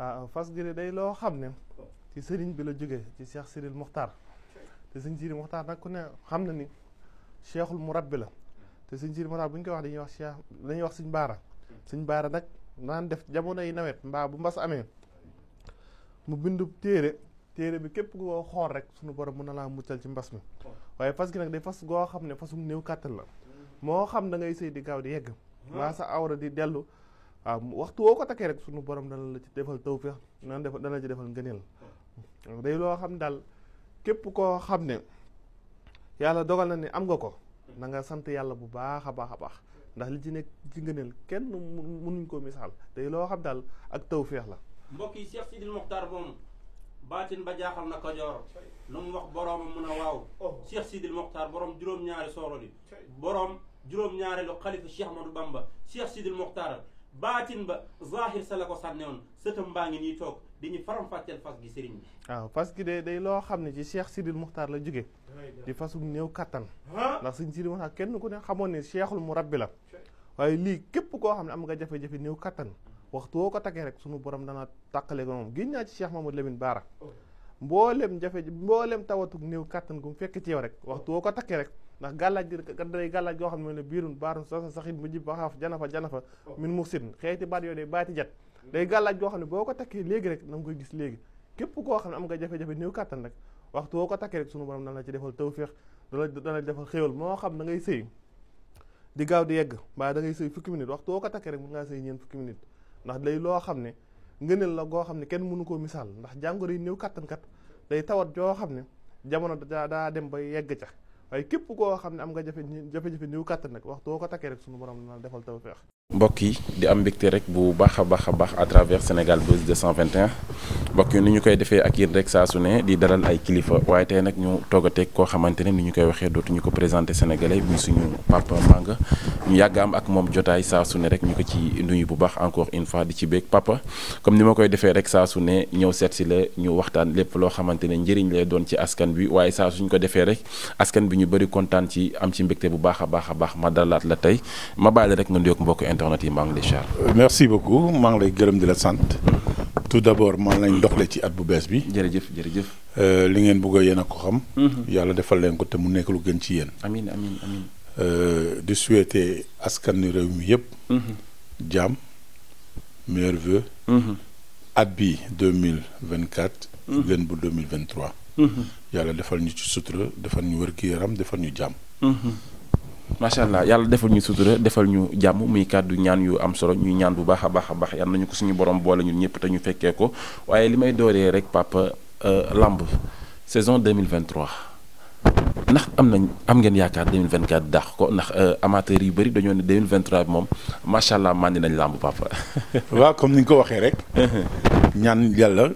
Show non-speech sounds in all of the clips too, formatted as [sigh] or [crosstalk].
waaw ah, fas gi loo xam ne oh. ci sëriñ bi la jógee ci Cheikh Cyril Mokhtar te sëñ Cyril nag ku ne xam na ni cheikhul murabbi la te sëñ Cyril Mokhtar bu koy wax dañuy wax cheikh dañuy wax suñ baara suñ baara nag naan def jamono yi nawet mbaa bu mbas amee mu bindu téere téere bi képp koo xool rek sunu borom mën na laa muccal ci mbas mi waaye fas goo xam ne fasum néew kàttan la mm. moo xam da ngay sëy di gaaw di yegg mm. mbaa sa awra di dellu waaw ah, waxtu woo ko takkee rek suñu borom dana la ci defal tawfeex dana defal dana la ci defal ngëneel day loo xam daal képp koo xam ne yàlla dogal na ne am nga ko na sant yàlla bu baax a baax a baax ndax li ci nekk ci ngëneel kenn mënuñ ko misaal day loo xam daal ak tawfeex la mbokk yi Cheikh Sidil Mokhtar moom baatin ba jaaxal na Kajoor lu mu wax boroomam mun a waaw Cheikh Sidil Mokhtar borom juróom-ñaari sooro li borom juróom-ñaari lu xalifa Cheikh Ahmadou Bamba baatin ba zahir sa la ko sànne woon sëtam mbaa ngi nii toog di ñu faram-fàcceel fas gi sëriñ bi waaw fas gi de day loo xam ne ci Cheikh Sidil Muxtaar la jóge di fasum néew kattan ndax sëñ Sidil Muxtaar kenn ku ne xamoon ne cheikhul murabbi la waaye lii képp koo xam ne am nga jafe-jafe néew kattan waxtu woo ko takkee rek sunu borom dana tàqale ko moom génn naa ci Cheikh Mamadou Lamine Baara oh. mboolem jafe mboolem tawatug néew kattan gu mu fekk ci rek waxtu ko takkee rek ndax gàllaaj gi day gàllaaj goo xam ne ne biirun baarun sasa saxit mu jib waxaaf janafa janafa min mufsidin xeeti baat yooyu day baati jat day gàllaaj goo xam ne boo ko takkee léegi rek na nga koy gis léegi képp koo xam ne am nga jafe-jafe néew kàttan rek waxtu woo ko takkee rek sunu borom dana la ci defal tawféex dana dana defal xéewal moo xam da ngay sëy di gaaw di yegg mbaa da ngay sëy fukki minute waxtu woo ko takkee rek mën ngaa sëy ñeen fukki minute ndax day loo xam ne ngëneel la goo xam ne kenn mënu koo misaal ndax jàngoro yi néew kàttankat day tawat joo xam ne jamono daa dem ba yegg ca waaye képp koo xam ne am nga jafe jafe niw néew kàttan nag waxtu ko takkee rek sunu borom dina defal tawfeex mbokk yi di am mbégte rek bu baax a baax a baax à travers Sénégal Buzz 221 mbokk yi ni ñu koy defee ak yéen rek saa su ne di dalal ay kilifa waaye tey nag ñu toog a teg koo xamante ne ni ñu koy waxee dootuñu ko présenté sénégalais muy suñu papa Manga ñu yàgg am ak moom jotaay saa su ne rek ñu ko ci nuyu bu baax encore une fois di ci béeg papa comme ni ma koy defee rek saa su ne ñëw seet si la ñu waxtaan lépp loo xamante ne njëriñ lay doon ci askan bi waaye saa suñu ko defee rek askan bi ñu bëri kontaan ci am ci mbégte bu baax a baax a baax ma dalaat la tey ma bàyyi rek nga nuyoog mbokk internet yi maa ngi lay char merci beaucoup maa ngi lay gërëm di la sant tout d'abord maa ngi lañ doxle ci at bu bees bi jërëjëf jërëjëf euh, li ngeen bëgg yéen a ko xam mhm. yàlla defal leen ko te mu nekk lu gën ci yéen amiin amiin amiin euh, di souhaiter askanu réew mi yëpp mhm. jàmm meilleurs vœux mhm. at bi 2024 gën bu 2023 yàlla defal ñu ci sutura defal ñu wër gi yaram defal ñu jàmm macha allah yàlla defal ñu sutura defal ñu jàmm muy kàddu ñaan yu am solo ñuy ñaan bu baax a baax a baax yal nañu ko suñu borom boole ñun ñëpp te ñu fekkee ko waaye li may dooree rek papa euh, làmb saison 2023 ndax am nañ am ngeen yaakaar 2024 daax ko ndax euh, amateurs yu bëri dañoo ne 2023 bi moom macha allah màndi nañ lamb papa. [laughs] waaw comme ni nga ko waxee rek. [laughs] ñaan yàlla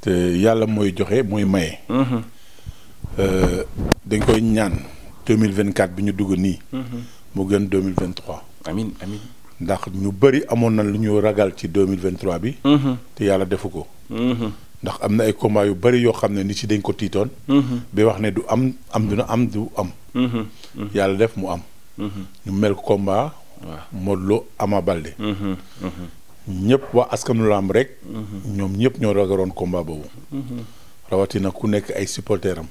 te yàlla mooy joxe mooy maye. Mhm. Euh, dañ koy ñaan. deux mille vingt quatre bi ñu dugg nii. Mm-hmm. mu gën deux mille vingt trois. amiin amiin. ndax ñu bëri amoon na lu ñu ragal ci deux mille vingt bi. Mm-hmm. te yàlla defu ko. Mm-hmm. ndax am na ay combats yu bëri yoo xam ne nit ci dañ ko tiitoon. bi wax ne du am am dina am du am. yàlla def mu am. ñu mel combat. waaw Modou Lo Ama Baldé. ñëpp waa askanu lamb rek. ñoom ñëpp ñoo ragaroon combat boobu. rawatina ku nekk ay supporteurs am.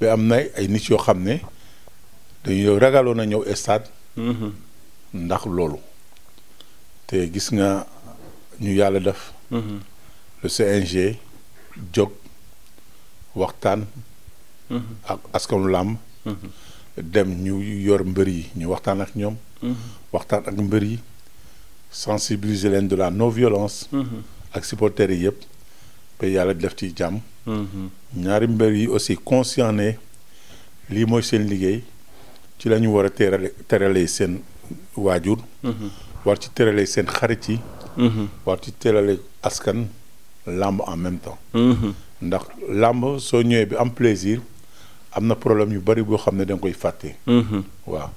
ba am na ay nit yoo xam ne. dañuy ragaloon na ñëw stade. Mhm. ndax loolu. te gis nga ñu yàlla def. Mhm. le CNG jóg waxtaan. Mhm. ak askanu dem ñu yor mbër yi ñu waxtaan ak ñoom. waxtaan ak mbër yi sensibiliser leen de la non violence. ak supporters yi yëpp. ba yàlla def ci jàmm. ñaari mbër yi aussi conscient ne lii mooy seen liggéey. ci la ñu war a terale teralee seen waajur mhm. war ci terale seen xarit yi mhm. war ci terale askan làmb en même temps mhm. ndax làmb soo ñëwee bi am plaisir am na problème yu bari boo xam ne da koy fàtte waaw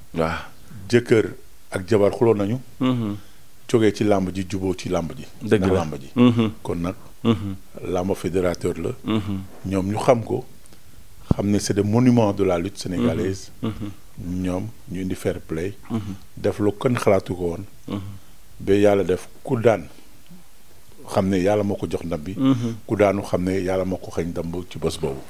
jëkkër ak jabar xuloo nañu jógee ci làmb ji juboo ci làmb ji dëgg làmb ji kon nag làmb fédérateur la ñoom ñu xam ko xam ne c'est des monuments de la lutte sénégalaise ñoom ñu indi fair play mhm. def lu kenn xalaatu ko woon mhm. ba yàlla def ku daan xam ne yàlla moo ko jox ndam bi mhm. ku daanu xam ne yàlla moo ko xañ ndam ci bés boobu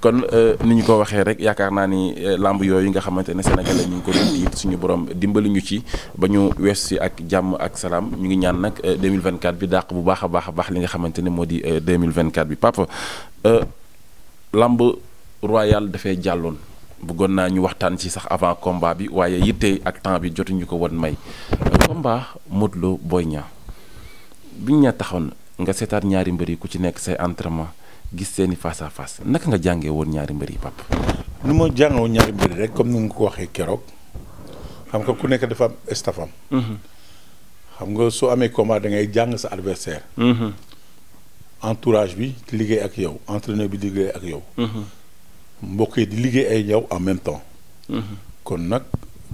kon euh, ni ñu ko waxee rek yaakaar naa ni euh, làmb yooyu nga xamante ne sénégalais ñu ngi ko doon it suñu borom dimbali ñu ci ba ñu wees si ak jàmm ak salaam ñu ngi ñaan nag euh, mille 2024 bi dàq bu baax a baax a baax li nga xamante ne moo di 2024 bi papa làmb royal dafay jàlloon bëggoon naa ñu waxtaan ci sax avant combat bi waaye yitte ak temps bi jotuñu ko won may combat Modou Lo Boy Niang bi ña taxoon nga seetaat ñaari mbër yi ku ci nekk say entraînement gis seeni face à face naka nga jàngee woon ñaari mbër yi pap nu ma jàngee woon ñaari mbër yi comme ni nga ko waxee keroog xam nga ku nekk dafa am mhm. xam nga soo amee combat dangay jàng sa adversaire mhm. entourage bi liggéey ak yow entraîneur bi liggéey ak yow mhm. mbokk yi di liggéey ay yow en même temps. Mhm. kon nag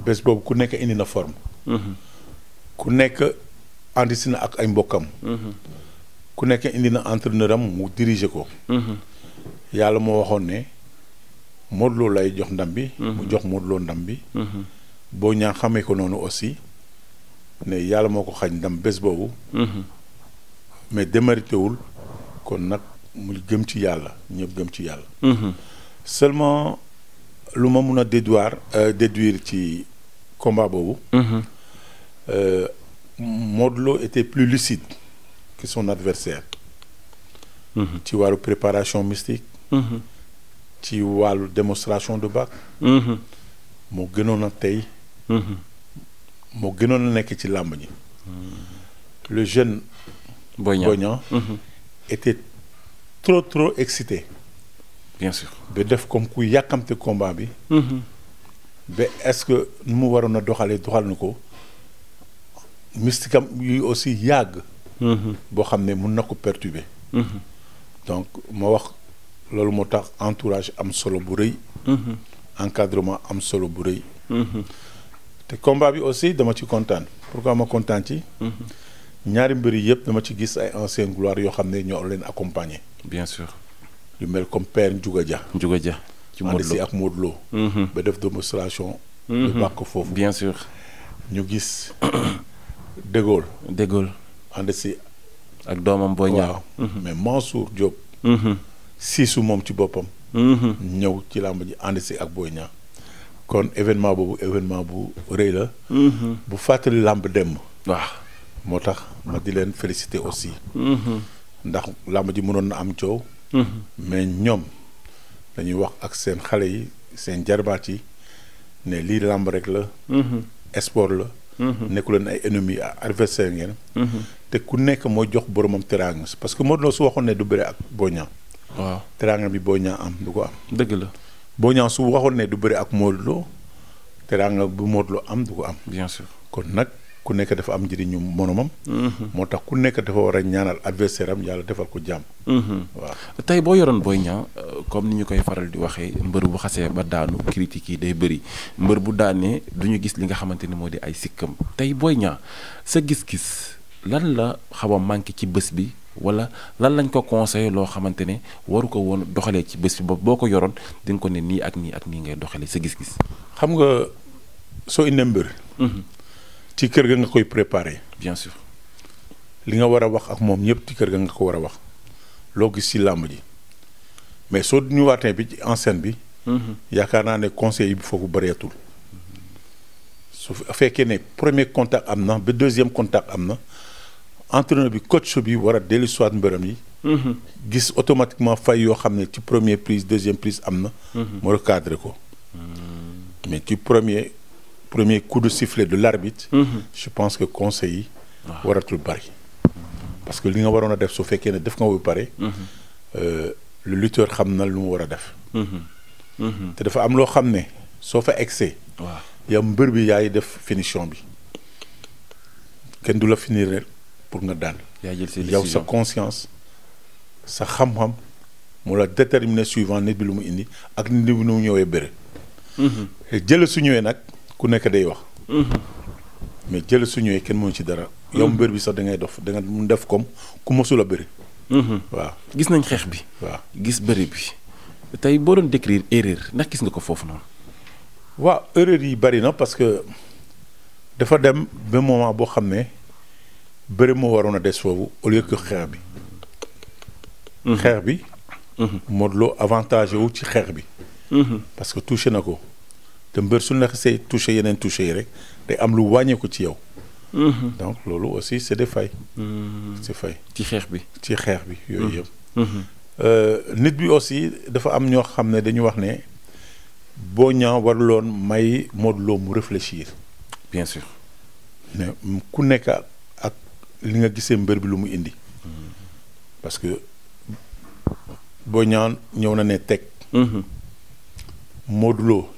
bés boobu ku nekk indi na forme. Mhm. ku nekk andi na ak ay mbokkam. Mhm. ku nekk indi na entraîneur am mu diriger ko. yàlla moo waxoon ne Modou lay jox ndam bi. mu jox Modou ndam bi. boo ñaa xamee ko noonu aussi ne yàlla moo ko xañ ndam bés boobu. mais démérité wul kon nag mu gëm ci yàlla ñëpp gëm ci yàlla. seulement lu ma mun a déduire euh, déduire ci combat boobu. Mhm. Euh, Modou Lo plus lucide que son adversaire mhm. ci wàllu préparation mystique. Mhm. ci wàllu démonstration de bac. moo gënoon a tey. moo gënoon a nekk ci làmb ji. le jeune. Boy Niang était trop trop excité. bien def comme ku yàkkamte combat bi. Mm-hmm. ba est-ce que nu mu waroon a doxalee doxal na ko mystique yu aussi yàgg. Mm-hmm. boo xam ne mun na ko perturber. Mm-hmm. donc ma wax loolu moo tax entourage am solo bu rëy. encadrement am solo bu rëy. te combat bi aussi dama ci kontaan pourquoi a kontaan ci. ñaari mbir yëpp dama ci gis ay anciennes gloires yoo xam ne ñoo leen accompagner. lu mel comme père Ndiouga Dia. Ndiouga ja ci si ak Modou Lo. Mhm. ba def démonstration. lu mhm. bàkk foofu bien sûr. ñu gis De Gaulle. De Gaulle ànd si. ak doomam Boy Niang mhm. mais Mansour Diop. siisu moom ci boppam. ñëw ci làmb ji ànd ak Boy Niang kon événement boobu événement bu rëy la. bu fàttali làmb dem. moo tax ma di leen félicité aussi. ndax làmb ji mënoon na am coow. mais ñoom dañuy wax ak seen xale yi seen jarbaat yi ne lii làmb rek la. sport la. nekku leen ay ennemis ak adversaire ngeen. te ku nekk mooy jox boromam teraanga parce que Modou Lo su waxoon ne du bëre ak Boy Niang. waaw bi Boy Niang am du ko am. dëgg la Boy Niang su waxoon ne du bëre ak Modou Lo bu Modou am du ko am. kon nag. ku nekk dafa am njëriñu monomam. Mm-hmm. moo tax ku nekk dafa war a ñaanal adversaire am yàlla defal ko jàmm. Mm-hmm. waaw tey boo yoroon booy Niang comme ni ñu koy faral di waxee mbër bu xasee ba daanu critique yi day bëri mbër bu daanee du ñu gis li nga xamante ni moo di ay sikkam tey booy Niang sa gis-gis lan la xaw a manqué ci bés bi wala lan lañ ko conseillé loo xamante ne waru ko woon doxalee ci bés bi ba boo ko yoroon di ko ne nii ak nii ak nii ngay doxalee sa gis-gis. xam nga soo indee mm-hmm. ci kër ga nga koy préparer. bien li nga war a wax ak moom ñëpp ci kër ga nga ko war a wax loo gis ci làmb ji mais soo ñu waatee bi ci en bi. Mhm. yaakaar naa ne conseil yi foofu bëreetul. su fekkee ne premier contact am na ba deuxième contact am na entraîneur bi coach bi war a dellu soit mbërëm yi. Mhm. gis automatiquement fay yoo xam ne ci premier prise deuxième prise am na. Mhm. mu recadré ko. mais ci premier premier coup de sifflet de l'arbitre mm je pense que conseil yi waratul bari parce que li nga waroon a def su fekkee ne def nga ba pare mhm. euh, le lutteur xam na lu mu war a def mhm. Mhm. te dafa am loo xam ne soo fa egsee waaw yow mbër bi yaay def finition bi kenn du la finir pour nga daan yow sa conscience sa xam-xam mu la déterminer suivant nit bi lu mu indi ak nit bi nu mu ñëwee bëre jële su ñëwee nag ku nekk day wax. Mhm. mais jël su ñëwee kenn mënu ci dara. yow mhm. mbër bi sax da ngay dof da nga mun def comme ku mosul a bëri. Mhm. waaw gis nañ xeex bi. waaw gis bëri bi tey boo doon décrire erreur ndax gis nga ko foofu noonu. waaw erreur yi bëri na parce que dafa dem ba moment boo xam ne bëri moo waroon a des foofu au lieu que xeex bi. xeex bi. Modou Lo wu ci xeex bi. parce que touché na ko. te mbër su nekk xasee touché yeneen touché yi rek day am lu wàññeeku ci yow. Mhm. donc loolu aussi c'est des failles. Mhm. c'est faille ci xeex bi ci xeex bi yooyu mhm. yëpp. Euh, nit bi aussi dafa am ñoo xam ne dañu wax ne Boy Niang waruloon may Modou Lo mu réfléchir. bien sûr mais ku nekk ak li nga gisee mbër bi lu mu indi. parce que Boy Niang ñëw na ne teg. Modou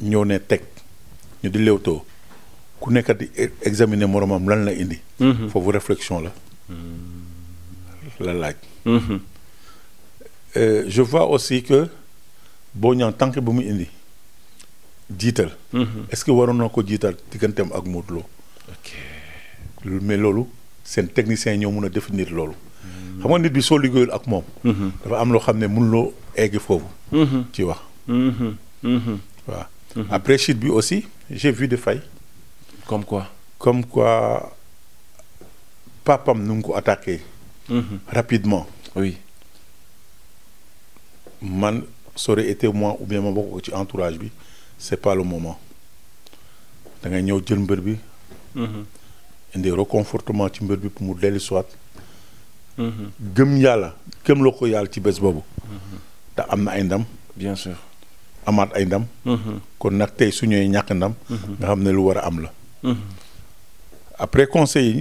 ñëw ne teg ñu di léewtoo ku nekk di examiner moromam lan la indi. Mhm. foofu réflexion la. Mhm. la laaj. Mhm. Euh, je vois aussi que boo ñaan tànk bu mu indi jiital. est-ce que waroon na ko jiital digganteem ak Modou Lo. ok mais loolu seen technicien ñoo mun a définir loolu. xam nga nit bi soo liggéeyul ak moom. dafa am loo xam ne mun loo egg foofu. ci wax. waaw Mm-hmm. après chute bi aussi j'ai vu de fay comme quoi. comme quoi papam nu ngi ko attaqué. Mm-hmm. rapidement. oui. man ça aurait été ou bien ma bokk ko ci entourage bi c'est pa le moment dangay ñëw jël mbër bi. Mm-hmm. indi reconfortement ci mbër bi pour mu dellu soit gëm yàlla gëm loo ko yàlla ci bés boobu. te am na ay ndam. bien sûr. amaat ay ndam. Mhm. kon nag tey su ñëwee ñàkk ndam. Mhm. nga xam ne lu war a am la. Mhm. après conseil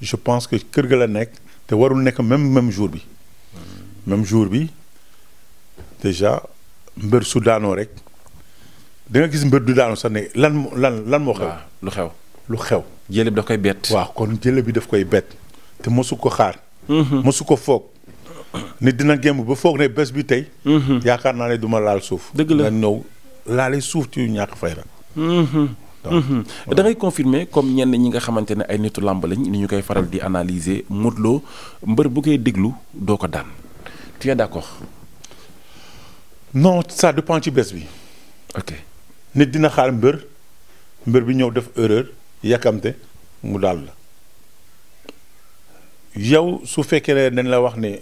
yi je pense que kër ga la nekk te warul nekk même même jour bi. même jour bi déjà mbër su daanoo rek danga gis mbër du daanoo sax ne lan lan lan moo xew. lu xew lu xew. jële bi daf koy bett. waaw kon jële bi daf koy bett te mosu ko xaar. mosu ko foog. nit dina gémb ba foog ne bés bi tey. Mhm. yaakaar naa ne duma laal suuf. dëgg la nga laal laale suuf ci ñàkk fay rek. Mhm. Mhm. da ngay comme ñenn ñi nga xamante ne ay nitu làmb lañ ni ñu koy faral di analyser Modou Lo mbër bu déglu doo ko daan tu es no non ça dépend ci bés bi. ok nit dina xaar mbër mbër bi ñëw def erreur yàkkamte mu daal la yow su fekkee dañ la wax ne.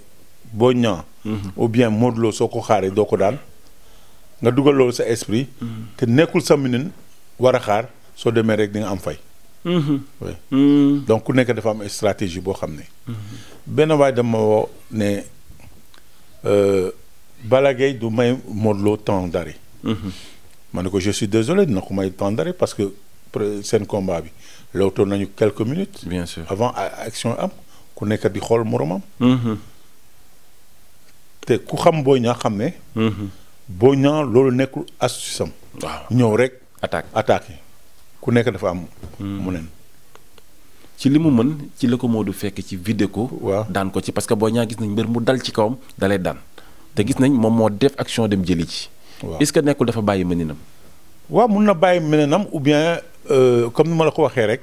Boy Niang mhm. ou bien Modou Lo soo ko xaaree doo ko daan nga dugal loolu sa esprit mhm. te nekkul sa minin war a xaar soo demee rek di nga am fay mhm. donc ku nekk dafa am stratégie boo xam ne benn waay dama woo ne euh, Balla du may Modou Lo temps d'arrêt ma ne ko je suis désolé dina ko may temps d'arrêt parce que seen combat bi lawtoo nañu quelque minutes bien sûr avant action am ku nekk di xool moromam te ku xam Boy Niang xam ne. Mhm. Boy Niang loolu nekkul astuce am. waaw ñëw rek. attaque attaque ku nekk dafa am. Mhm. mu neen ci li mu mën ci la ko moo du fekk ci vidéo ko. waaw daan ko ci parce que Boy Niang gis nañ mbir mu dal ci kawam dalay daan te gis nañ moom moo def action dem jëli ci. waaw est que nekkul dafa bàyyi mëninam. waaw mun na bàyyi mëninam ou bien euh, comme ni ma la ko waxee rek.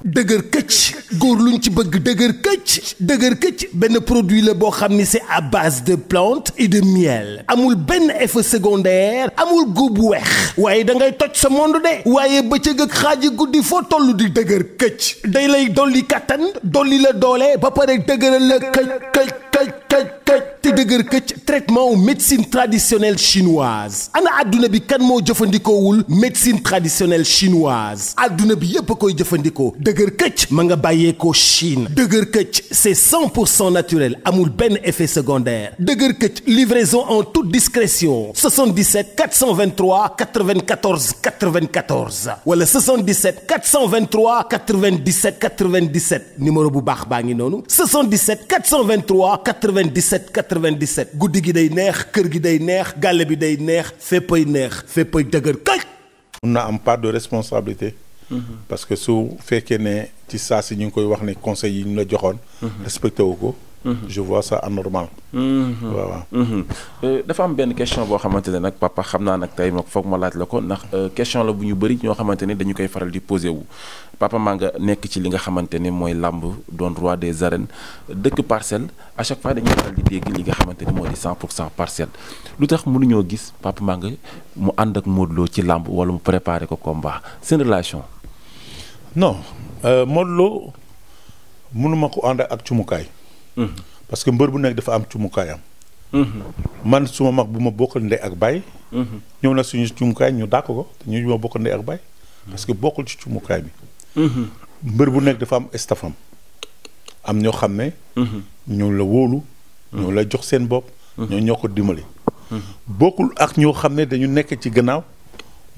dëgër këcc góor lu luñ ci bëgg dëgër këcc dëgër këcc benn produit la boo xam ni c'est à base de plantes et de miel amul benn effet secondaire amul góob bu weex waaye da ngay toj sa monde de waaye bëccëg ak xaaji guddi foo toll di dëgër këcc day lay dolli kattan dolli la doole ba pare dëgëral la këcc këcc këcc këcc te dëgër këcc traitement médecine traditionnel chinoise ana àdduna bi kan moo jëfandikoowul médecine traditionnel chinoise àdduna bi yépp koy jëfandikoo dëgër këcc ma nga bàyyeekoo Chine dëgër këcc c'est 100 pour cent naturel amul benn effet secondaire dëgër këcc livraison en toute discrétion 77 423 94 94 wala 77 423 97 97 numéro bu baax baa ngi noonu 77 423 97 97 guddi gi day neex kër gi day neex galle bi day neex féppay neex féppay dëgër këcc. mun na am part de responsabilité. parce que su fekkee ne ci saa si ñu ngi koy wax ne conseil yi ñu la joxoon. Mhm. respecté wu ko. Mhm. je vois ça anormal. waaw mhm. waaw. Euh, dafa am benn question boo xamante ne nag papa xam naa nag tey ma foog ma laaj la ko ndax euh, question la bu ñu bëri ñoo xamante ne dañu koy faral di posé wu papa maa nga nekk ci li nga xamante ne mooy làmb doon roi des arènes dëkk parcelle à chaque fois dañuy faral di dégg li nga xamante ne moo di 100 pour cent parcelle lu tax mënuñoo gis papa maa nga mu ànd ak Modou ci làmb wala mu préparé ko combat seen non euh, Modou Lo mënuma ko ànd ak cumukaay. Mhm. parce que mbër bu nekk dafa am cumukaayam. Mhm. man suma mag bu ma bokkal ndey ak baay. Mhm. ñëw na suñu cumukaay ñu dàq ko ñu ma bokkal ndey ak baay. parce que bokkul ci cumukaay bi. mbër bu nekk dafa am estafam. am ñoo xam ne. ñoo la wóolu. ñoo la jox seen bopp. ñoo ñoo ko dimbali. bokkul ak ñoo xam ne dañu nekk ci gannaaw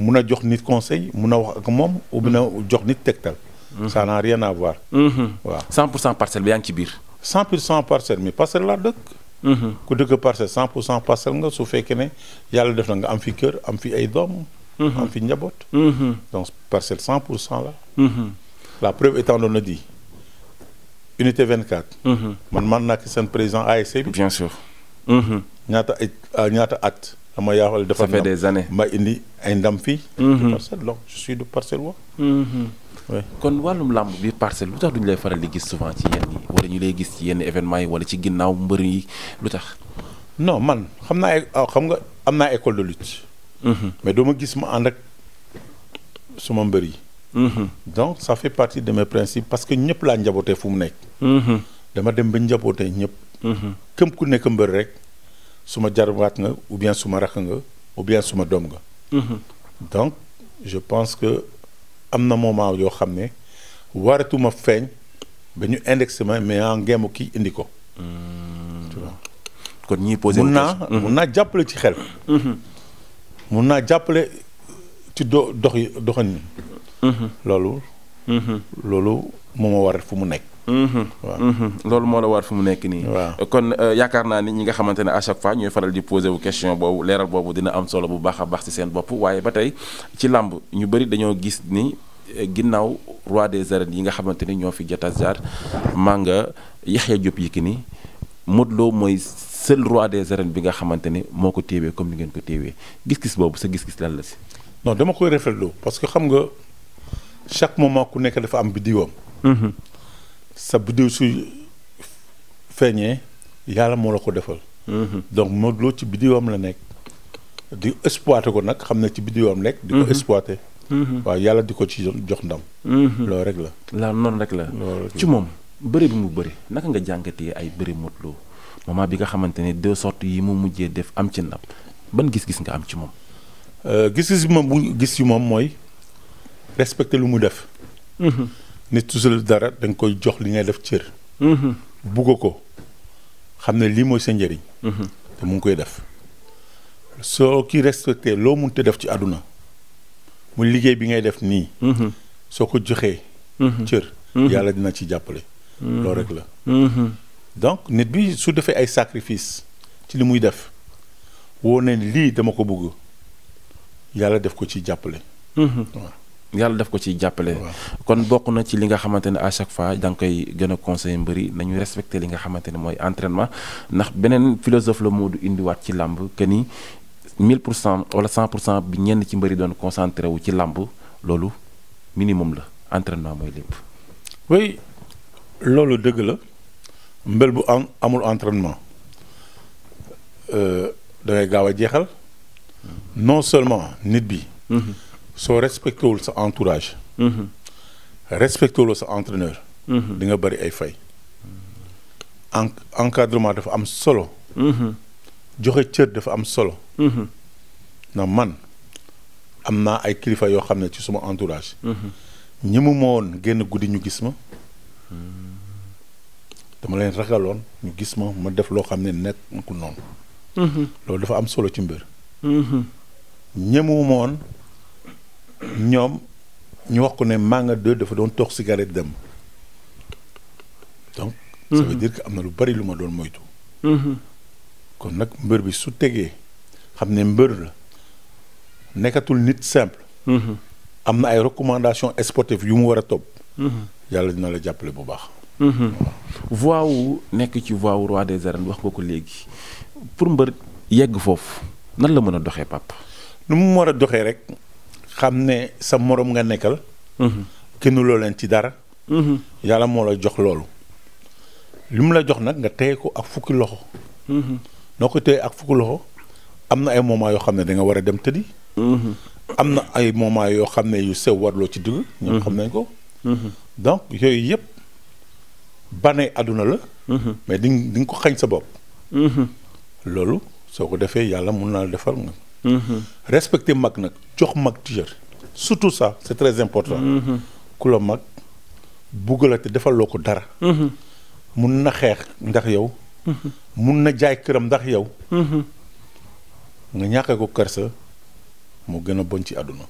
mun a jox nit conseil mun a wax ak moom ou mun a jox nit tegtal. Mhm. ça n'a rien à mhm. waaw 100 pour cent parcelle bi yaa ngi ci biir. 100 pour cent parcelle mi parcelle laa dëkk. Mhm. ku dëkk parcelle 100 pour cent parcelle nga su fekkee ne yàlla def na nga am fi kër pour cent la. la preuve étant donné di unité 24. man man naa ki président ASC bi. bien sûr. ñaata at. dama yaafal defar ça fait des années ma indi ay ndam fii. Mhm. parcelle donc je suis de parcelle wa. Mhm. kon wàllum làmb bi parcelle lu tax duñu lay faral di gis souvent ci yenn yi wala ñu lay gis ci yenn événement yi wala ci ginnaaw mbër yi lu tax. non man xam naa ah, xam nga am naa école de lutte. Mhm. mais doo ma gis ma ànd ak suma mbër yi. donc ça fait partie de mes principes parce que ñëpp laa njabootee fu mu nekk. dama dem ba njabootee ñëpp. këm ku nekk mbër rek. suma jarwaat nga ou bien suma rakk nga ou bien suma doom nga. Mhm. donc je pense que am na moment yoo xam ne waratuma feeñ ba ñu indexé ma mais en ngemu kii indi ko. Hmm. tu kon ñiy posé. Mhm. mun naa jàppale ci xel. Mhm. mun naa jàppale ci do dox doxin. loolu. loolu moo ma waral fu mu nekk. Mm-hmm. Mm-hmm. loolu moo la waat fu mu nekk nii. kon euh, yaakaar naa ni ñi nga xamante ne à chaque fois ñooy faral di posé wu question boobu leeral boobu dina am solo bu baax baax ci seen bopp waaye ba tey ci làmb ñu bëri dañoo gis ni euh, ginnaaw roi des arènes yi nga xamante ni ñoo fi jota jaar maa nga Yaxya Diop Yékini ni Lo mooy seul roi des arènes bi nga xamante ne moo ko téewee comme ni ngeen ko téewee gis-gis boobu sa gis-gis lan la si. non dama koy rafetlu parce que xam nga chaque moment ku nekk dafa am biddiwam. Mm-hmm. sa biddiw su feeñee yàlla moo la ko defal. Mm-hmm. donc Modou ci biddiwam la nekk. di exploité ko nag xam ne ci biddiwam nekk. di ko mm-hmm. exploité. Mm-hmm. waaw yàlla di ko ci jox ndam. loolu rek la. laa noon rek la. ci moom bëri mu bëri naka nga jàngatee ay bëri Modou Lo moment bi nga xamante ne deux sortes yi mu mujjee def am ci ndam ban gis-gis nga am ci moom. Euh, gis-gis moom gis ci moom mooy respecté lu mu def. nit toujours dara da koy jox li ngay def cër. Mhm. bugg ko xam lii mooy sa njëriñ. Mhm. te koy def. soo ki respecté loo mun def ci àdduna mu liggéey bi ngay def nii. Mhm. ko joxee. cër yàlla dina ci jàppale. loolu rek la. nit bi su defee ay sacrifice ci li muy def woo ne lii dama ko bëgg yàlla def ko ci jàppale. yàlla daf ko ci jàppale. kon bokk na ci li nga xamante ne à chaque fois da nga koy gën a conseiller mbëri nañu respecté li nga xamante ne mooy entrainement ndax beneen philosophe la moo du indiwaat ci làmb que ni 1000 pour cent wala 100 pour cent bi ñenn ci mbëri doon concentré wu ci làmb loolu minimum la entraînement mooy lépp. oui loolu dëgg la mbël bu am amul entraînement euh, da gaaw a jeexal hmm. non seulement nit bi. Hmm. soo respecté wul sa entourage. Mhm. respecté wul sa entraîneur. Mhm. di nga bëri ay fay. en encadrement dafa am solo. Mhm. joxe cër dafa am solo. na man am naa ay kilifa yoo xam ne ci suma entourage. ñi mu ma génn guddi ñu gis ma. dama leen ragaloon ñu gis ma ma def loo xam ne nekk noonu. loolu dafa am solo ci mbir. ñemu ñoom ñu wax ko ne Manga 2 dafa doon toog cigarette dem donc. ça veut mhm. dire que am na lu bari lu ma doon moytu. Mhm. kon nag mbër bi su tegee xam ne mbër la nekkatul nit simple. Mhm. am na ay recommandation sportives yu mu war a topp. yàlla dina la jàppale bu baax. voie nekk ci voie wu roi des arènes wax nga ko léegi pour mbër yegg foofu nan la mën a doxee papa. nu mu war a doxee rek xam ne sa morom nga nekkal. Mhm. loolu leen ci dara. Mhm. yàlla moo la jox loolu. li mu la jox nag nga téye ko ak fukki loxo. Mhm. noo ko téye ak fukki loxo am na ay moment yoo xam ne da war a dem tëddi. am na ay moment yoo xam ne yu sew warloo ci dugg. ñoom xam nañ ko. donc yooyu yëpp bane àdduna la. mais di di nga ko xañ sa bopp. loolu soo ko defee yàlla mun naa defal nga. respecter mag nag jox mag cër surtout ça c'est très important. ku la mag bugg la te defaloo ko dara. mun na xeex ndax yow. mun na jaay këram ndax yow. nga ñàkk ko kersa moo gën a bon ci àdduna.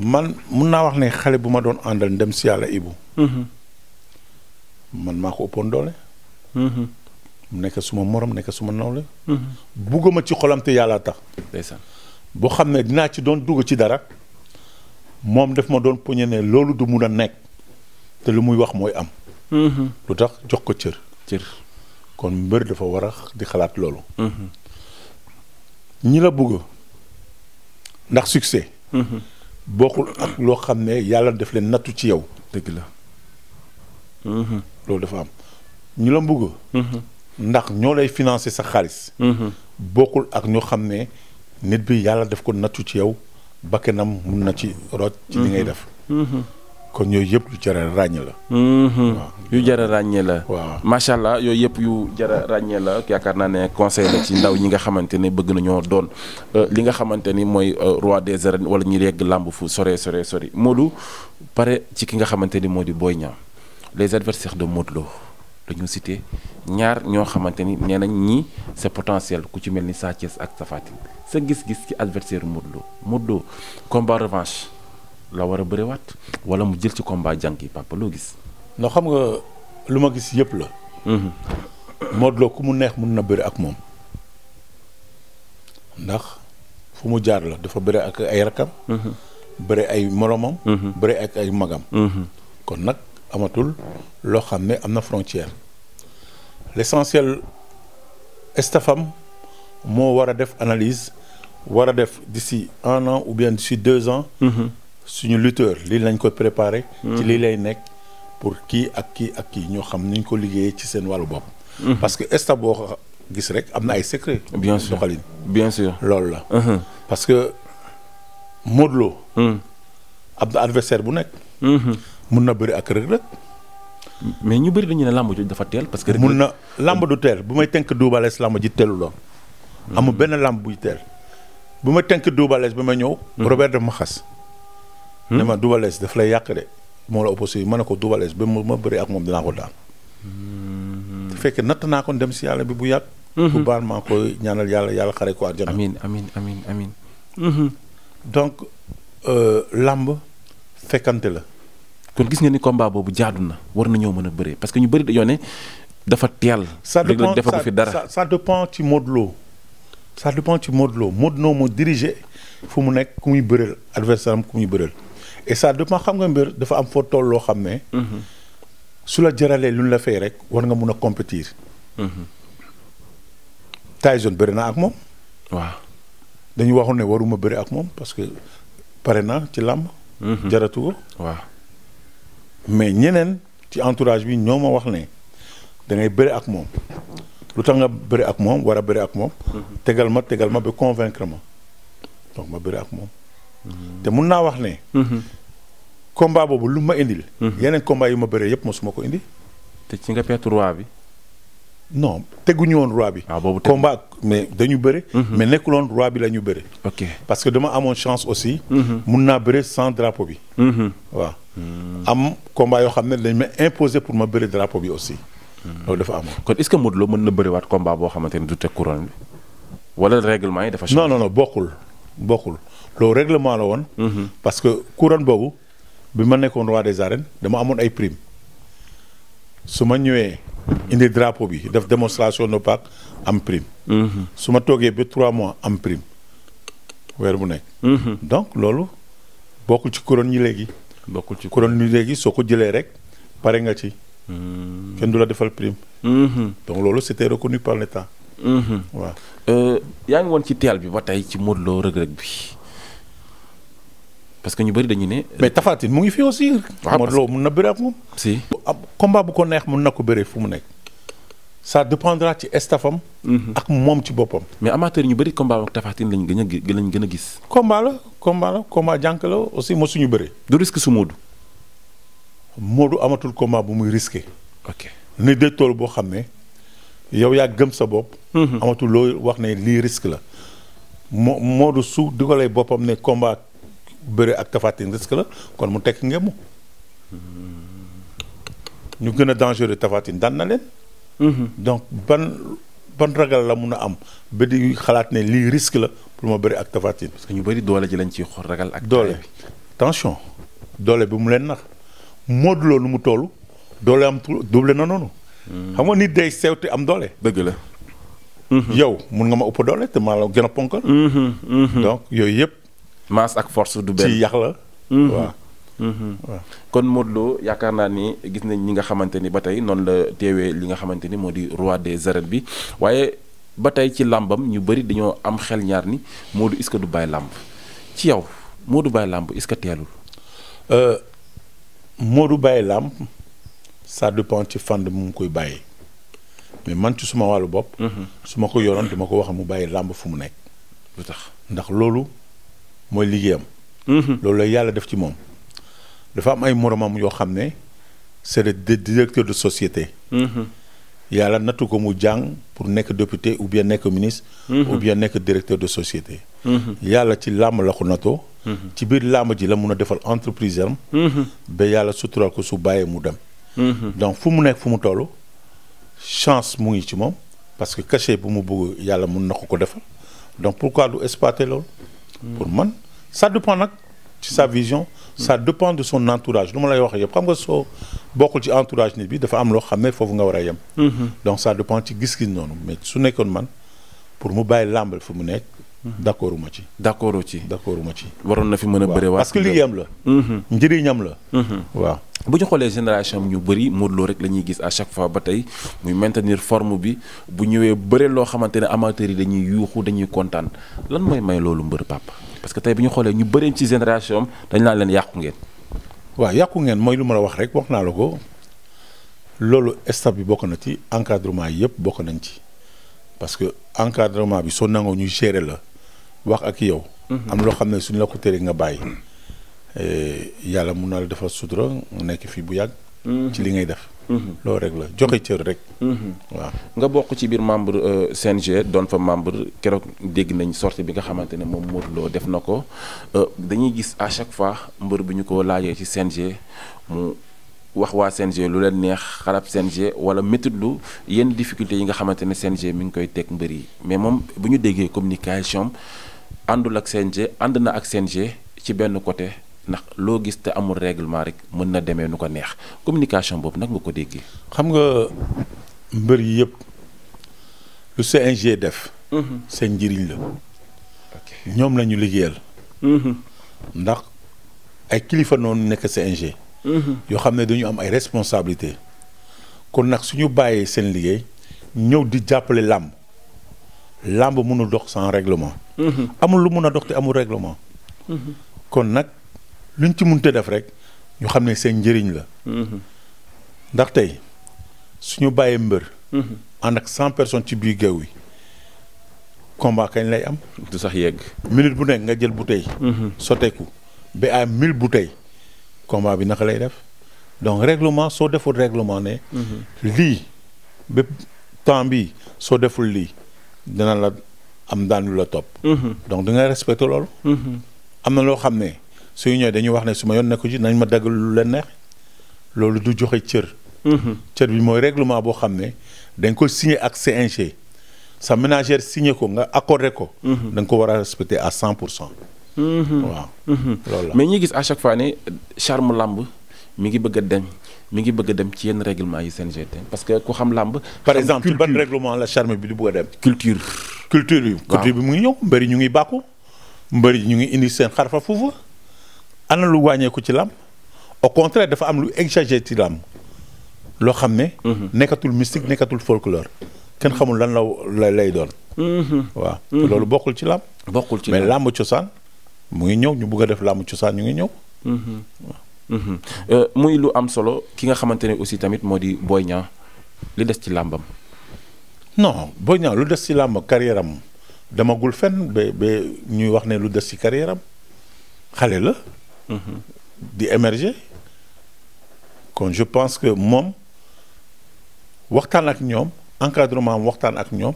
man mun naa wax ne xale bu ma doon àndal ndem si yàlla man maa ko ëppoon doole. mu nekk suma morom nekk suma nawle mhm. bugguma ci xolam te yàlla tax boo xam ne dinaa ci doon dugg ci dara moom daf ma doon poñe ne loolu du mun a nekk te lu muy wax mooy am mhm. lu tax jox ko cër cër kon mbër dafa war a di xalaat loolu mhm. ñi la bugg ndax succès bokkul ak loo xam ne yàlla def leen nattu ci yow dëgg la loolu dafa am ñi la bëgg ndax ñoo lay financer sa xaalis. Mhm. bokkul ak ñoo xam ne nit bi yàlla def ko nattu ci yow bakkanam mun na ci root. ci li ngay mhm. def. Mhm. kon yooyu yëpp yu jar ràññee la. yu jar a ràññee la. waaw macha allah yooyu yëpp yu jar ràññee la yaakaar naa ne conseil la ci ndaw ñi nga xamante ne bëgg nañoo doon euh, li nga xamante ni mooy euh, roi des arènes wala ñi yegg làmb fu sore sore sori Modou pare ci ki nga xamante ni moo di booy Niang les adversaires de Modou dañu cité ñaar ñoo xamante ni nee nañ ñii c'est potentiel ku ci mel ni Sa ak sa Tine sa gis-gis ci adversaire Modou Lô Modou Lô combat revanche la war a bëriwaat wala mu jël ci combat jànk yi papa loo gis. non xam nga lu ma gis yëpp la. Mhm. Modou ku mu neex mun na bëri ak moom ndax fu mu jaar la dafa bëri ak ay rakam. Mhm. bëri ay moromam. Mhm. bëri ak ay magam. kon nag. amatul loo xam ne am na frontière l'essentiel Estafam moo war a def analyse war a def d'ici un an ou bien d'ici deux ans mhm. suñu lutteur lii lañ koy préparer ci mhm. lii lay nekk pour kii ak kii ak kii ñoo xam ni ñu ko liggéeyee ci seen wàllu bopp mhm. parce que Estaf boo gis rek am na ay secret bien sûr bien sûr loolu la parce que Modou na adversaire bu nekk mun na bëri ak Reug Reug mais ñu bëri dañuy ne làmb jooju dafa teel parce que. mun na làmb du teel bu may tënk duubalees làmb ji teeluloo. amul benn làmb buy teel. bu ma tënk duubalees bi ma ñëw. Hmm. Robert daf hmm? ne ma duubalees daf lay yàq de moo ma ne ko duubalees ba mu ma bëri ak moom dinaa ko daan. bu hmm. fekkee natt naa ko dem si yàlla bi bu yàgg. bu baax maa koy ñaanal yàlla yàlla xare ko àjjana. amiin amiin amiin donc euh, làmb fekkante la. kon gis nga ni combat boobu jaadu na war nañoo mën a bëree parce que ñu bëri dañoo ne dafa teel. léegi defagu fi dara ça dépend ci Modou Lo ça dépend ci Modou Lo Modou Lo moo dirigé fu mu nekk ku muy bëreel adversaire am ku muy bëreel et ça dépend xam nga mbir dafa am foo tool loo xam ne. Mhm. su la jëralee lu ñu la fay rek war nga mun a compétir. Mhm. Tyson bëri na ak moom. waaw dañu waxoon ne waruma bëri ak moom parce que pare na ci làmb. Mhm. jaratu ko waaw. mais ñeneen ci entourage bi ñoo ma wax ne da ngay bëri ak moom lu tax nga bëri ak moom war a bëri ak moom. Mhm. tegal ma tegal ma ba convaincre ma donc ma bëri ak moom. Mhm. te mun naa wax ne. Mhm. combat boobu lu ma indil. yeneen combat yu ma bëree yëpp mosuma ko indi. te ci nga perte roi bi. non teguñu woon roi bi. waaw ah, boobu combat mais dañu bëre. Mhm. mais nekkuloon woon roi bi la ñu bëre. ok parce que dama amoon chance aussi. Mhm. mun naa bëre sans drapeau bi. Mhm. waaw am combat yoo xam ne dañ ma imposer pour ma bëre drapeau bi aussi. loolu dafa amoon. kon est-ce que Modou Lo mën na waat komba boo xamante ni du teg couronne bi wala réglement yi dafa. changé non non non bokkul bokkul loolu règlement la woon. parce que couronne boobu bi ma nekkoon roi des arènes dama amoon ay prime su ma ñëwee. indi drapeau bi def démonstration no paak am prime. Mhm. su ma toogee ba trois mois am prime weer bu nekk. Mhm. donc loolu bokkul ci couronne yi léegi. bokkul ci couronne yi léegi soo ko jëlee rek pare nga ci. Mhm. kenn du la defal prime. donc loolu c'était reconnu par l'État. waaw. Euh, yaa ngi woon ci teel bi ba tey ci Modou Lo Reug bi. parce que ñu bëri dañu ne. mais Tapha mu ngi fi aussi. waaw ah, Modou Lo mun na bëre moom. si. Ah, combat bu ko neex mun na ko bëree fu mu nekk sa dépendra ci estafam. Mhm. ak moom ci boppam. mais amateur ñu bëri combat ak Tapha lañ gën a lañ gën gis. combat la combat la combat jànk la moo suñu bëree. du risque su Modou. Modou amatul combat bu muy risqué. ok ni dëj tool boo xam ne yow yaa gëm sa bopp. Mhm. wax ne lii risque la. moo Modou su boppam ne combat bëre ak Tapha Tine la kon mu tekk ngemu. Mhm. ñu gën a dangereux Tapha Tine daan na leen. Mhm. donc ban ban ragal la mun a am ba di xalaat ne lii risque la pour ma bëri ak Tapha Tine. parce que ñu bëri doole ji lañ ciy xor ragal ak. doole tension doole bi mu leen nax Modou Lo nu mu toll doole am double na noonu. Mhm. xam nga nit day sew te am doole. bëgg la. Mhm. yow mun nga ma ëpp doole te maa la gën a ponkal. donc yooyu yëpp. masse ak force du benn ci yàq la. waaw. waaw kon Modou yaakaar naa ni gis nañ ñi nga xamante ni ba tey noonu la teewee li nga xamante ni moo di roi des arènes bi waaye ba tey ci làmbam ñu bari dañoo am xel ñaar ni Modou est-ce du bàyyi làmb ci yow Modou bàyyi làmb est-ce que teelul. Euh, làmb ça dépend ci fan mu ngi koy bàyyi mais man ci suma wàllu bopp. Mhm. su ma ko yoroon dama ko wax mu bàyyi làmb fu mu nekk. lu tax ndax loolu mooy liggéeyam. Mhm. loolu la yàlla def ci moom. dafa am ay moromam yoo xam ne c'est le directeur de société. Mm-hmm. yàlla nattu ko mu jàng pour nekk député ou bien nekk ministre. Mm-hmm. ou bien nekk directeur de société. Mm-hmm. yàlla ci làmb la ko nattoo. ci biir làmb ji la mun a defal entreprise am. ba yàlla sutural ko su bàyyee mu dem. donc fu mu nekk fu mu toll chance mu ngi ci moom parce que cachet bu mu bëgg yàlla mun na ko ko defal donc pourquoi du exploiter loolu. Mm. pour man ça dépend nag. ci sa vision ça dépend de son entourage lu ma lay wax yëpp xam nga soo bokkul ci entourage nit bi dafa am loo xam ne foofu nga war a yem mhm. donc ça dépend ci gis-gis noonu mais su nekkoon man pour mu bàyyi làmbal fu mu nekk mhm. d'accord uma ci d'accord ci d'accord uma ci waroon na fi mën a bëre waa parce que liggéeyam la mhm. njëriñam la waaw bu ñu xoolee génération ñu bëri Modou Lo rek la ñuy gis à chaque fois ba tey muy maintenir forme bi bu ñëwee bëre loo xamante ne amateurs yi dañuy yuuxu dañuy kontaan lan mooy may loolu mbër papa parce que tey bi ñu xoolee ñu bëri ci génération dañ laa leen yàqu ngeen. waaw yàqu ngeen mooy lu ma la wax rek wax naa la ko loolu staff bi bokk na ci encadrement yëpp bokk nañ ci parce que encadrement bi soo nangoo ñu gérer la wax ak yow. Mhm. am loo xam ne suñ la ko teree nga bàyyi. Eh, yàlla mun naa la defal sutura nekk fii bu yàgg. Mhm. ci li ngay def. loolu rek la joxe cër rek. Mhm. waaw nga bokk ci biir membre euh, CNG doon fa membre keroog dégg nañ sortie bi nga xamante ne moom Modou loo def na ko euh, dañuy gis à chaque fois mbër bi ñu ko laajee ci CNG mu wax waa CNG lu leen neex xarab CNG wala méthode lu yenn difficulté yi nga xamante ne CNG mi ngi koy teg mbër yi mais moom bu ñu déggee communication àndul ak CNG ànd na ak CNG ci benn côté. ndax loo gis te amul réglement rek mën na demee nu ko neex communication boobu nag nga ko déggee. xam nga mbër yi yëpp lu CNG def. Mhm. seen njëriñ la. ñoom la liggéeyal. Mhm. ndax ay kilifa noonu nekk CNG. Mhm. yoo xam ne dañu am ay responsabilité kon nag suñu bàyyee seen liggéey ñëw di jàppale làmb làmb mënul dox sans règlement. amul lu mun a dox te amul règlement. kon nag. luñ ci munte def rek ñu xam ne seen njëriñ la. Mhm. ndax tey suñu bàyyee mbër. Mhm. ànd ak cent personnes ci biir géew yi combat kañ lay am. du sax yegg. minute bu nekk nga jël bouteille. Mhm. sotteeku ba à mille bouteilles combat bi nax lay def donc règlement soo deful règlement ne. lii bépp temps bi soo deful lii dina la am daan lu la topp. donc da ngay respecté loolu. am na loo xam ne. suñu ñëwee dañu wax ne su ma yoon nekku ci nañ ma daggal lu leen neex loolu du joxe cër. Mm-hmm. cër bi mooy réglement boo xam ne dañ ko signé ak CNG sa ménagère signé ko nga accordé ko. Mm-hmm. da nga ko war a respecté à 100 pour cent. Mm-hmm. waaw loolu la mais ñi gis à chaque fois charme làmb mi ngi bëgg dem mi ngi bëgg dem ci yenn règlement yi CNG parce que ku xam làmb. par exemple ban règlement la charme bi du bëgg dem. culture. culture bi. culture bi mu ngi ñëw mbëri ñu ngi bàkku mbëri ñu ngi indi seen xarfa foofu. ana lu wàññeeku ci làmb au contraire dafa am lu exagéré ci làmb loo xam ne. Mhm. nekkatul mystique nekkatul folklore kenn xamul lan la lay doon. Mhm. waaw mhm. loolu bokkul ci làmb. bokkul ci làmb mais cosaan mu ngi ñëw ñu bugg a def làmb cosaan ñu ngi ñëw. Euh, muy lu am solo ki nga xamante ne aussi tamit moo di Boy Niang li des ci làmbam. non Boy Niang lu des ci làmb carrière demagul fenn ba ba ñuy wax ne lu des ci carrière xale la. di émerger kon je pense que moom waxtaan ak ñoom encadrement waxtaan ak ñoom.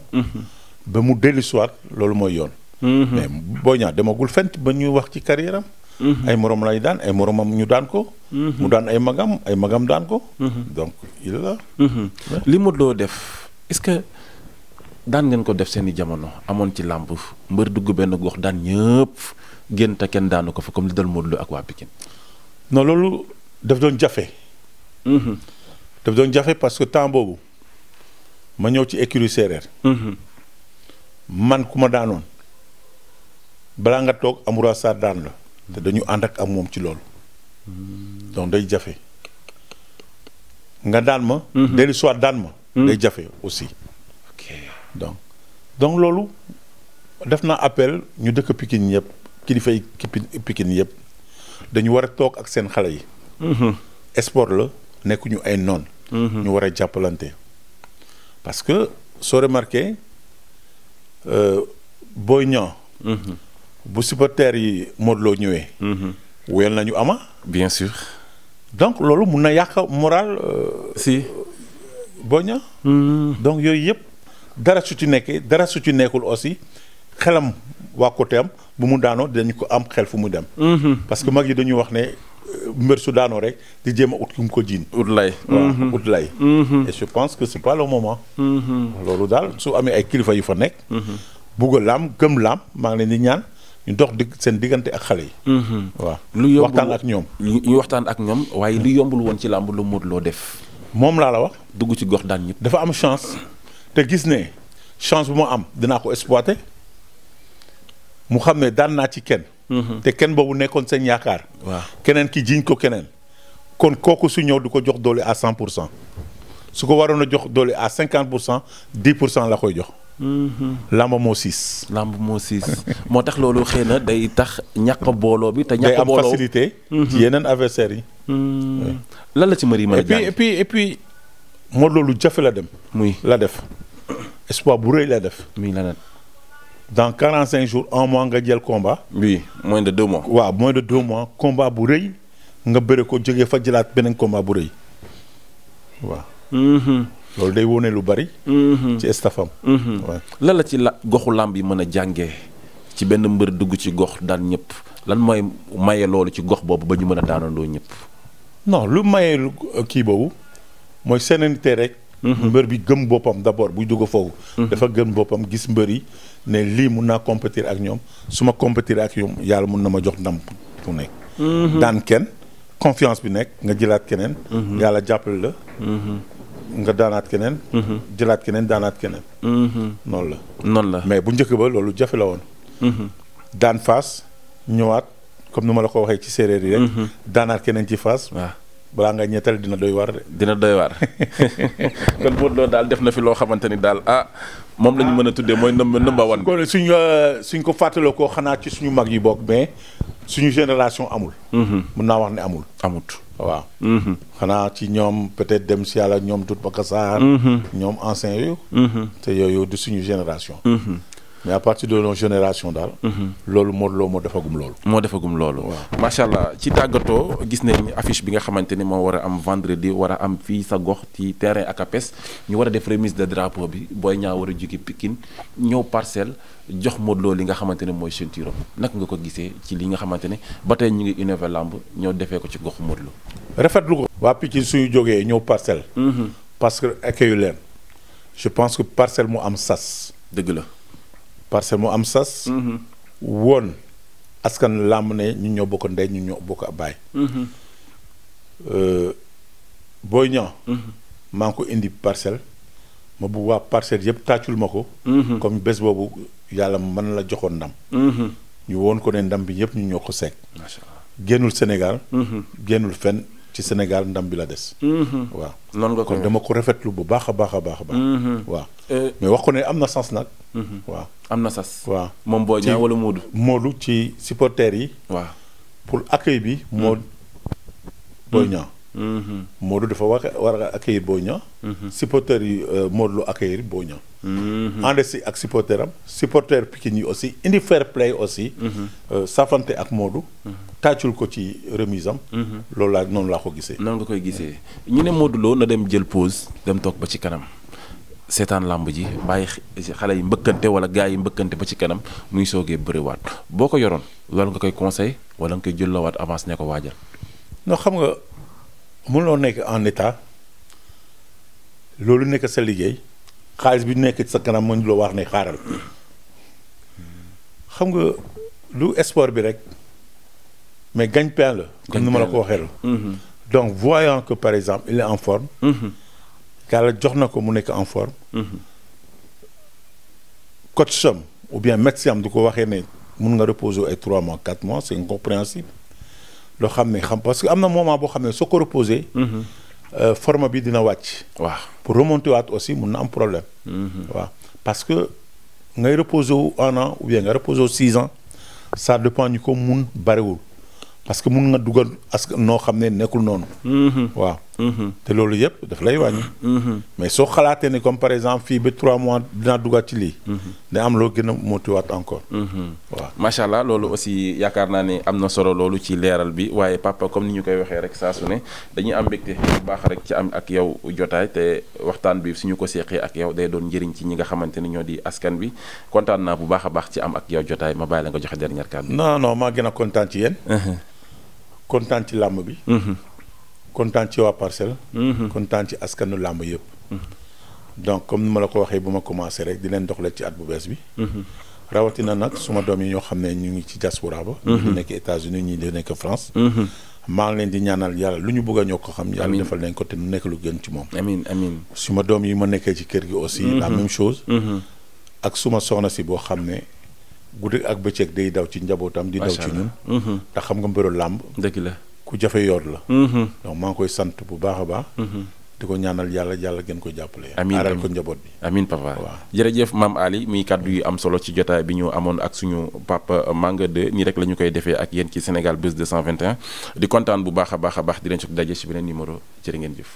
ba mu dellusiwaat loolu mooy yoon. Mhm. mais boo ñaa demagul fent ba ñuy wax ci carrière am. Mhm. ay morom lay daan ay moromam ñu daan ko. Mhm. mu daan ay magam ay magam daan ko. donc il li Modou Lo def est-ce que daan ngeen ko def seeni jamono amoon ci làmb mbër dugg benn gox daan ñëpp. génn te kenn daanu ko fa comme li dal moo Lo ak waa Pikine. non loolu daf doon jafe. Mhm. daf doon jafe parce que temps boobu ma ñëw ci écurie mhm. man ku ma daanoon balaa nga toog Amoura Sarr daan la. te dañu ànd ak am moom ci loolu. Mhm. donc day jafe. nga daan ma. dellu soit daan ma. day jafe aussi. ok donc donc loolu def naa appel ñu dëkk Pikine ñëpp. kilifay Pikine yëpp dañu war a toog ak seen xale yi. Mm-hmm. sport la nekkuñu ay noon. Mm-hmm. ñu war a jàppalante. parce que soo remarqué euh, Boy Niang. Mm-hmm. bu supporters yi Modou Lo ñëwee. wéyal nañu ama. bien sûr. donc loolu mun na yàq moral. Euh, si Boy Niang. donc yooyu yëpp dara su ci nekkee dara su ci nekkul aussi xelam waa côté am. bu mu daanoo dañ ko am xel fu mu dem. Mhm. parce que mag yi dañuy wax ne euh, mbër su daanoo rek di jéem a ut ku mu ko jiin. ut lay mhm. ut lay. Mhm. et je pense que c'est pas le moment. loolu daal su amee ay kilifa yu fa nekk. bugg a laam gëm laam maa ngi leen di ñaan. ñu dox digg seen diggante ak xale yi. waaw lu yombul waxtaan ak ñoom. ñu waxtaan ak ñoom waaye lu yombul woon ci làmb lu Modou Lo def. moom laa la wax. dugg ci gox daan ñëpp. dafa am chance te gis ne chance bu ma am dinaa ko exploiter. mu xam ne daan naa ci kenn. Mhm. te kenn boobu nekkoon seen yaakaar. waaw keneen ki jiiñ ko keneen. kon kooku su ñëw du ko jox doole à cent pour cent su ko waroon a jox doole à cinquante pour cent dix pour cent la koy jox. Mhm. lamba moo siis. lamba moo siis [laughs] moo tax loolu xëy na day tax ñàkk booloo bi te. ñàkk booloo day am mhm. yeneen adversaires yi. lan la ci mari ma a jàng et puis loolu jafe la dem. muy la def espoir bu rëy la def. muy la def. dans quarante cinq jours un mois nga jël combat. oui moins de deux mois. waaw moins de bu rëy nga bëre ko jógee fa jëlaat beneen combat bu rëy waaw. Mm-hmm. loolu day wone lu bari. Mm-hmm. ci stafam. Mm-hmm. lan ci la goxu làmb yi mën a jànge ci benn mbër dugg ci gox daan ñëpp lan mooy maye loolu ci gox boobu ba ñu mën a daanandoo ñëpp. non lu maye kii boobu mooy sérénité rek. Mm-hmm. mbër bi gëm boppam d' abord buy dugg foofu. Mm-hmm. dafa gëm boppam gis mbër yi ne lii mun naa compétir ak ñoom su ma compétir ak ñoom yàlla mun na ma jox ndam fu nekk. Mm-hmm. daan kenn confiance bi nekk nga jëlaat keneen. yàlla jàppale la. nga daanaat keneen. jëlaat keneen daanaat keneen. noonu la. noonu la mais bu njëkk ba loolu jafe la woon. daan fas ñëwaat comme ni ma la ko waxee ci séeréer yi rek. daanaat keneen ci faas. balaa nga ñetteel dina doy waar [laughs] dina doy waar [laughs] kon Modou daal def na fi loo xamante ni daal ah moom la ñu mën a tuddee mooy number number one kon suñ euh, suñ ko fàttaloo ko xanaa ci suñu mag yi bokk mais suñu génération amul mun mm-hmm. naa wax ne amul amut waaw mm-hmm. xanaa ci ñoom peut-être dem si yàlla ñoom tut bakasaar mm-hmm. ñoom ancien yooyu te yooyu du suñu génération mais à partir de nos génération daal. Mhm. loolu Modou Lo moo defagum loolu. moo defagum loolu. waaw allah ci tàggatoo gis nañ affiche bi nga xamante ni moo war a am vendredi war a am fii sa gox ci terrain Akapes ñu war a def remise de drapeau bi booy Niang war a jóge Pikine ñëw parcelle jox Modou li nga xamante ne mooy ceinture naka nga ko gisee ci li nga xamante ne ba tey ñu ngi innové lamb ñoo defee ko ci gox Modou Lo. rafetlu ko. waa Pikine suñu jógee ñëw parcelle. Mhm. parce que accueil leen. je pense que parcelle mu am sas. dëgg la. parce que mu am sas. Mm-hmm. woon askan làmb ne ñu ñoo bokk ndey ñu ñoo bokk ab baay. Mm-hmm. Euh, booy Niang. Mm-hmm. maa ngi ko indi parcelle. ma bu waa parcelle yëpp tàccul ma ko. comme bés boobu yàlla man la joxoon ndam. ñu woon ko ne ndam bi yëpp ñu ñoo ko seeg. génnul Sénégal. génnul fenn. ci Sénégal ndam bi la des. Mm-hmm. waaw noonu nga ko kon dama ko rafetlu bu baax a baax a baax a mm-hmm. waaw euh, mais wax ko ne am na sens nag. Mm-hmm. waaw am na sas. waaw moom Boy Niang wala Modou. Modou ci supporters yi. waaw pour accueil bi moo. Mm. Boy Niang. Mm-hmm. Modou dafa war a war a accueillir Boy mm-hmm. yi euh, Modou Lo boo Boy Niang. Mm-hmm. ànd si ak supporter am supporter Pikine yi aussi indi fair play aussi. Euh, safante ak Modou. tàccul ko ci remise am. loolu laa noonu laa ko gisee. noonu nga koy gisee ñu ne Modou Lo na dem jël pause dem toog ba ci kanam. seetaan làmb ji bàyyi xale yi mbëkkante wala gars yi mbëkkante ba ci kanam mu muy soogee waat boo ko yoroon loolu nga koy conseil wala nga koy jëllawaat avance ne ko waajal. loo nekk en état loolu nekk sa liggéey xaalis bi nekk sa kanam mënu loo wax ne xaaral xam nga lu sport bi rek mais gagne-pain la. comme ni ma la ko waxee la. Mhm. donc voyant que par exemple il est en forme. Mhm. yàlla jox na ko mu nekk en forme. Mhm. coach sam ou bien médecin am du ko waxee ne mun nga reposer ay trois mois quatre mois c'est incompréhensible. loo xam ne xam parce que am na moment boo xam ne soo ko reposé. Mhm. Euh, forme bii dina wàcc. waaw pour remonter waat aussi mun na am problème. Mhm. waaw parce que ngay reposé wu un an ou bien nga reposé wu sa ans ça dépend ñu ko mun bariwul parce que mun nga dugal as noo xam ne nekkul noonu. Mhm. waaw. Mm-hmm. te loolu yëpp daf lay wàññi. Mm-hmm. mais soo xalaatee ni comme par exemple fii ba trois mois dinaa duggaat ci lii. Mm-hmm. da am loo gën a motiwaat encore. waaw macha allah loolu aussi yaakaar naa ne am na solo loolu ci leeral bi waaye papa comme ni ñu koy waxee rek saa su ne dañuy am mbégte bu baax rek ci am ak yow jotaay te waxtaan bi suñu ko seeqee ak yow day doon njëriñ ci ñi nga xamante ne ñoo di askan bi kontaan naa bu baax a baax ci am ak yow jotaay ma bàyyi la nga joxe dernier kàddu. non non maa gën a kontaan ci yéen. Uh-huh. kontaan ci làmb bi. kontaan ci waa parcelle. Mhm. kontaan ci askanu làmb yëpp. Mhm. donc comme ni ma la ko waxee bu ma commencé rek di leen doxalee ci at bu bees bi. Mhm. rawatina nag suma doom yi ñoo xam ne ñu ngi ci diaspora ba. ñu nekk ñi di nekk France. maa ngi leen di ñaanal yàlla lu ñu bëgg a ñoo ko xam. yàlla defal ne ko te nekk lu gën ci moom. amiin amiin suma doom yi ma nekkee ci kër gi aussi. la même chose. ak suma soxna si boo xam ne. guddi ak bëccëg day daw ci njabootam. di daw ci ñun. ndax xam nga mbiru làmb. dëgg la. bu jafe yoon la. Mm-hmm. donc maa ngi koy sant bu baax a baax. Mm-hmm. di ko ñaanal yàlla yàlla gën ko jàppale. amiin aaral ko njaboot bi. amin papa waaw jërëjëf maam Ali muy kàddu yu am solo ci jotaay bi ñu amoon ak suñu papa Manga de nii rek la ñu koy defee ak yéen ci Sénégal Buzz 221 di kontaan bu baax a baax a baax di leen jox daje ci beneen numéro jërë ngeen jëf.